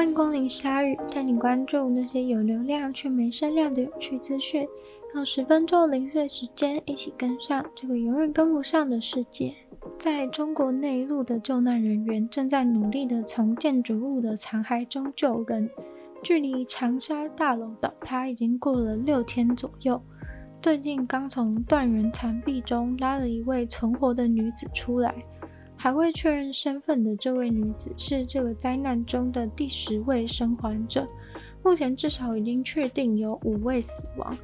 歡迎光臨鯊語帶你關注那些有流量卻沒聲量的有趣資訊，用十分鐘零碎時間一起跟上這個永遠跟不上的世界。在中國內陸的救難人員正在努力地從建築物的殘骸中救人，距離長沙大樓倒塌已經過了六天左右。最近剛從斷垣殘壁中拉了一位存活的女子出來。還未確認身份的這位女子是這個災難中的第十位生還者。目前至少已經確定有五位死亡。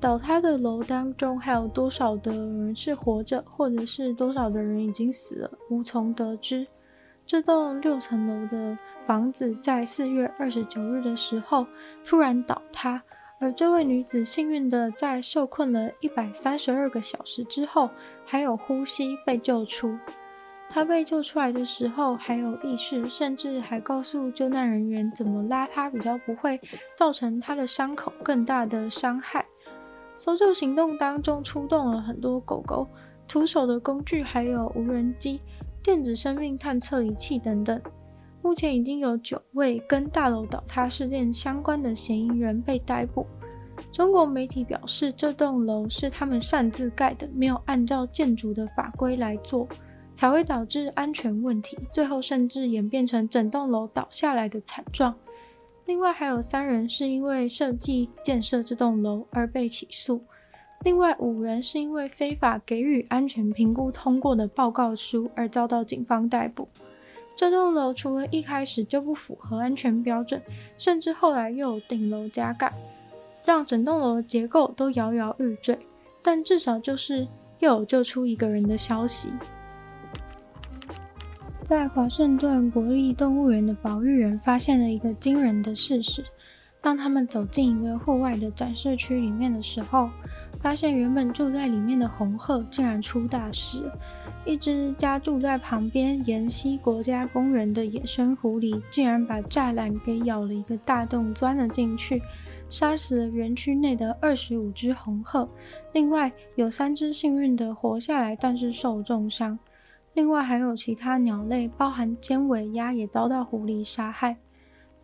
倒塌的樓當中還有多少的人是活着，或者是多少的人已經死了，無從得知。這棟六層樓的房子在四月二十九日的時候突然倒塌，而這位女子幸運地在受困了一百三十二個小時之後還有呼吸被救出。他被救出來的時候還有意識，甚至還告訴救難人員怎麼拉他，比較不會造成他的傷口更大的傷害。搜救行動當中出動了很多狗狗、徒手的工具，還有無人機、電子生命探測儀器等等。目前已經有九位跟大樓倒塌事件相關的嫌疑人被逮捕。中國媒體表示，這棟樓是他們擅自蓋的，沒有按照建築的法規來做。才會導致安全問題，最後甚至演變成整棟樓倒下來的慘狀。另外還有三人是因為設計建設這棟樓而被起訴，另外五人是因為非法給予安全評估通過的報告書而遭到警方逮捕。這棟樓除了一開始就不符合安全標準，甚至後來又有頂樓加蓋，讓整棟樓的結構都搖搖欲墜。但至少就是又有救出一個人的消息。在華盛頓國立動物園的保育員發現了一個驚人的事實：當他們走進一個戶外的展示區裡面的時候，發現原本住在裡面的紅鶴竟然出大事。一隻家住在旁邊沿溪國家公園的野生狐狸，竟然把柵欄給咬了一個大洞，鑽了進去，殺死了園區內的二十五隻紅鶴。另外有三隻幸運的活下來，但是受重傷。另外還有其他鳥類，包含尖尾鴨，也遭到狐狸殺害。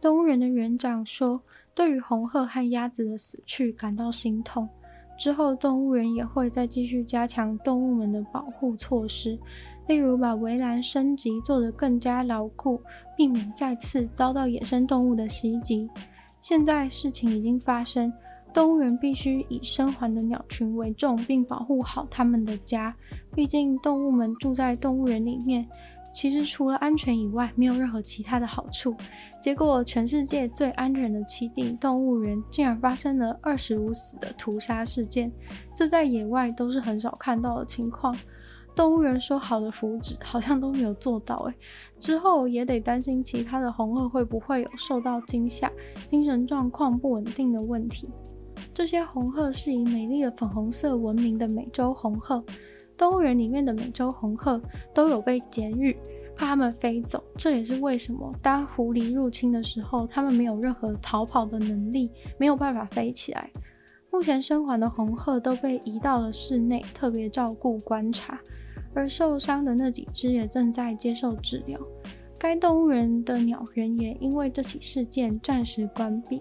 動物園的園長說：“對於紅鶴和鴨子的死去感到心痛。”之後，動物園也會再繼續加強動物們的保護措施，例如把圍欄升級，做得更加牢固，避免再次遭到野生動物的襲擊。現在事情已經發生。動物園必須以生還的鳥群為重，並保護好他們的家。畢竟動物們住在動物園裡面，其實除了安全以外，沒有任何其他的好處。結果，全世界最安全的棲地動物園竟然發生了二十五死的屠殺事件，這在野外都是很少看到的情況。動物園說好的福祉好像都沒有做到哎、欸。之後也得擔心其他的紅鶴會不會有受到驚嚇、精神狀況不穩定的問題。這些紅鶴是以美麗的粉紅色聞名的美洲紅鶴。動物園裡面的美洲紅鶴都有被剪羽，怕它們飛走。這也是為什麼當狐狸入侵的時候，它們沒有任何逃跑的能力，沒有辦法飛起來。目前生還的紅鶴都被移到了室內，特別照顧觀察，而受傷的那幾隻也正在接受治療。該動物園的鳥園也因為這起事件暫時關閉。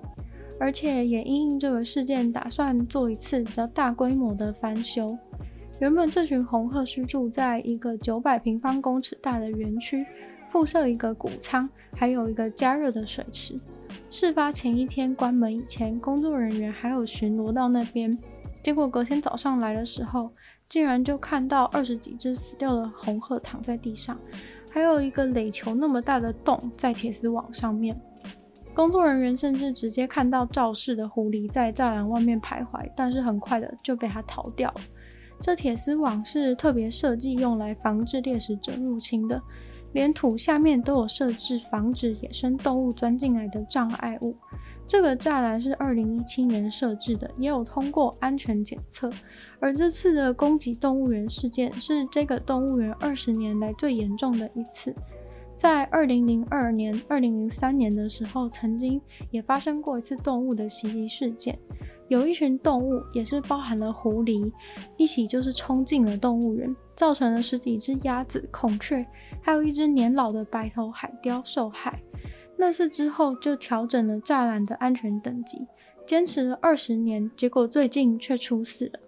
而且也因應這個事件，打算做一次比較大規模的翻修。原本這群紅鶴是住在一個九百平方公尺大的園區，附設一個谷倉，還有一個加熱的水池。事發前一天關門以前，工作人員還有巡邏到那邊，結果隔天早上來的時候，竟然就看到二十幾隻死掉的紅鶴躺在地上，還有一個壘球那麼大的洞在鐵絲網上面。工作人員甚至直接看到肇事的狐狸在柵欄外面徘徊，但是很快的就被它逃掉了。這鐵絲網是特別設計用來防止獵食者入侵的，連土下面都有設置防止野生動物鑽進來的障礙物。這個柵欄是二零一七年設置的，也有通過安全檢測。而這次的攻擊動物園事件是這個動物園二十年來最嚴重的一次。在二零零二年、二零零三年的時候，曾經也發生過一次動物的襲擊事件，有一群動物，也是包含了狐狸，一起就是衝進了動物園，造成了十幾隻鴨子、孔雀，還有一隻年老的白頭海雕受害。那次之後就調整了柵欄的安全等級，堅持了二十年，結果最近卻出事了。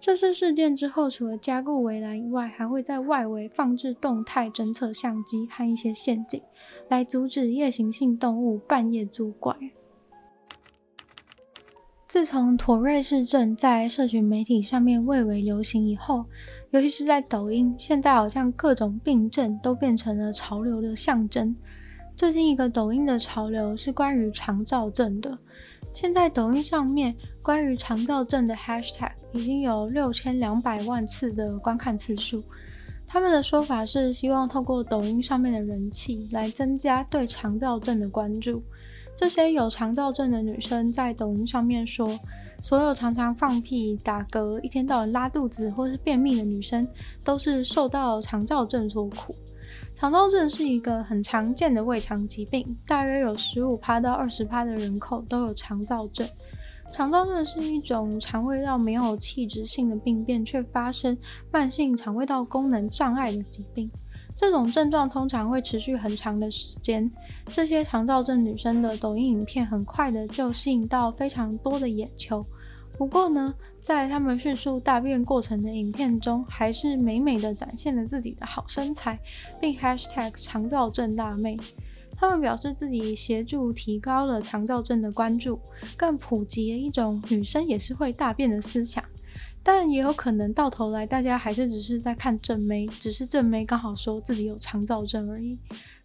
這次事件之後，除了加固圍欄以外，還會在外圍放置動態偵測相機和一些陷阱，來阻止夜行性動物半夜作怪。自從妥瑞氏症在社群媒體上面蔚為流行以後，尤其是在抖音，現在好像各種病症都變成了潮流的象徵。最近一個抖音的潮流是關於腸躁症的，現在抖音上面關於腸躁症的 hashtag。已經有六千兩百萬次的觀看次數。他們的說法是希望透過抖音上面的人氣來增加對腸躁症的關注。這些有腸躁症的女生在抖音上面說，所有常常放屁、打嗝、一天到晚拉肚子或是便秘的女生都是受到腸躁症所苦。腸躁症是一個很常見的胃腸疾病，大約有十五趴到二十趴的人口都有腸躁症。腸造症是一種腸胃道沒有器質性的病變，卻發生慢性腸胃道功能障礙的疾病。這種症狀通常會持續很長的時間。這些腸造症女生的抖音影片很快的就吸引到非常多的眼球。不過呢，在她們迅速大便過程的影片中，還是美美的展現了自己的好身材，並 #hashtag 腸造症辣妹。他們表示自己協助提高了腸躁症的關注，更普及了一種女生也是會大便的思想，但也有可能到頭來大家還是只是在看正妹，只是正妹剛好說自己有腸躁症而已。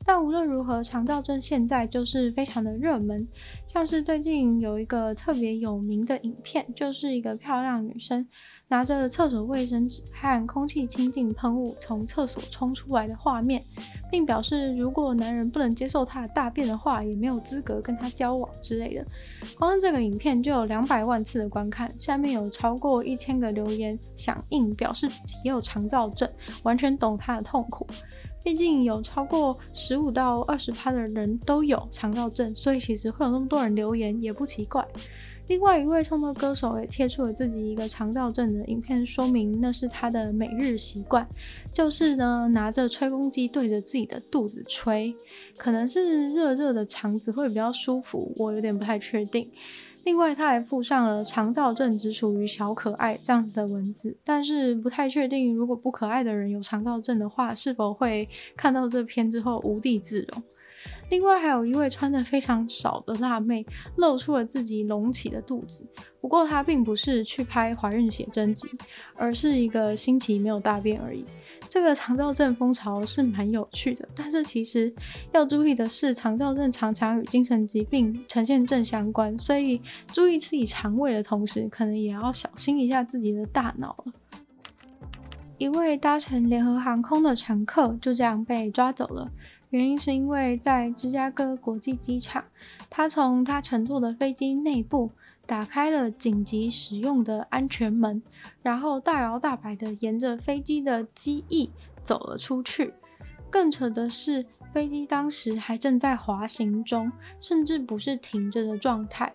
但無論如何，腸躁症現在就是非常的熱門，像是最近有一個特別有名的影片，就是一個漂亮女生。拿着廁所衛生紙和空氣清淨噴霧從廁所衝出來的畫面，並表示如果男人不能接受他的大便的話，也沒有資格跟他交往之類的。光是這個影片就有兩百萬次的觀看，下面有超過一千個留言響應，表示自己也有腸躁症，完全懂他的痛苦。畢竟有超過十五到二十趴的人都有腸躁症，所以其實會有那麼多人留言也不奇怪。另外一位創作歌手也貼出了自己一個腸躁症的影片，說明那是他的每日習慣，就是呢拿着吹風機對着自己的肚子吹，可能是熱熱的腸子會比較舒服，我有點不太確定。另外他還附上了“腸躁症只屬於小可愛”這樣子的文字，但是不太確定如果不可愛的人有腸躁症的話，是否會看到這篇之後無地自容。另外還有一位穿得非常少的辣妹露出了自己隆起的肚子，不過她並不是去拍懷孕寫真集，而是一個星期沒有大便而已。這個腸躁症風潮是蠻有趣的，但是其實要注意的是，腸躁症常常與精神疾病呈現正相關，所以注意自己腸胃的同時，可能也要小心一下自己的大腦了。一位搭乘聯合航空的乘客就這樣被抓走了，原因是因為在芝加哥國際機場，他從他乘坐的飛機內部打開了緊急使用的安全門，然後大搖大擺地沿着飛機的機翼走了出去。更扯的是，飛機當時還正在滑行中，甚至不是停着的狀態。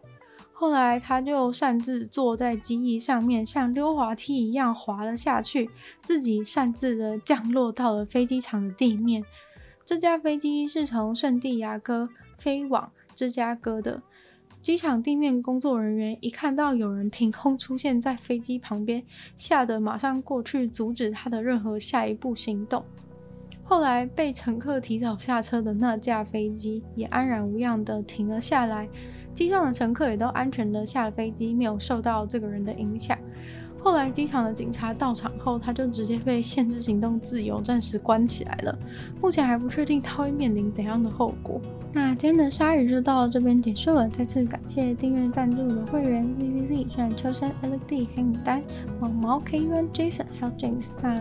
後來，他就擅自坐在機翼上面，像溜滑梯一樣滑了下去，自己擅自的降落到了飛機場的地面。這架飛機是從聖地牙哥飛往芝加哥的。機場地面工作人員一看到有人憑空出現在飛機旁邊，嚇得馬上過去阻止他的任何下一步行動。後來，被乘客提早下車的那架飛機也安然無恙的停了下來。機上的乘客也都安全的下了飛機，沒有受到這個人的影響。後來機場的警察到場後，他就直接被限制行動自由，暫時關起來了。目前還不確定他會面臨怎樣的後果。那今天的鯊語就到這邊結束了，再次感謝訂閱贊助的會員 z v z, z 雖然秋山 LD 黑牡丹網毛 k u n Jason 還有 James，那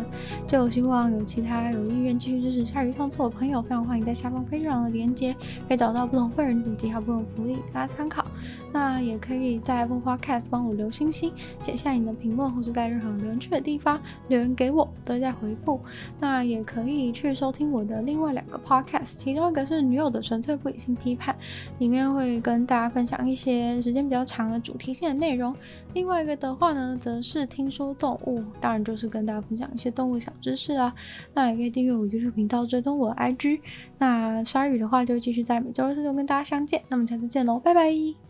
就希望有其他有意願繼續支持鯊魚創作的朋友，非常歡迎在下方非常的鏈接可以找到不同會員等級、還有不同福利，大家參考。那也可以在 Podcast 幫我留星星，寫下你的評論。或是在任何有人去的地方，留言給我都在回復。那也可以去收聽我的另外兩個 podcast，其中一個是《女友的純粹不理性批判》，裡面會跟大家分享一些時間比較長的主題性的內容。另外一個的話呢，則是《聽說動物》，當然就是跟大家分享一些動物小知識啊。那也可以訂閱我的 YouTube 頻道，追蹤我的 IG。那鯊魚的話，就繼續在每週二、四、六跟大家相見。那麼下次見嘍，拜拜。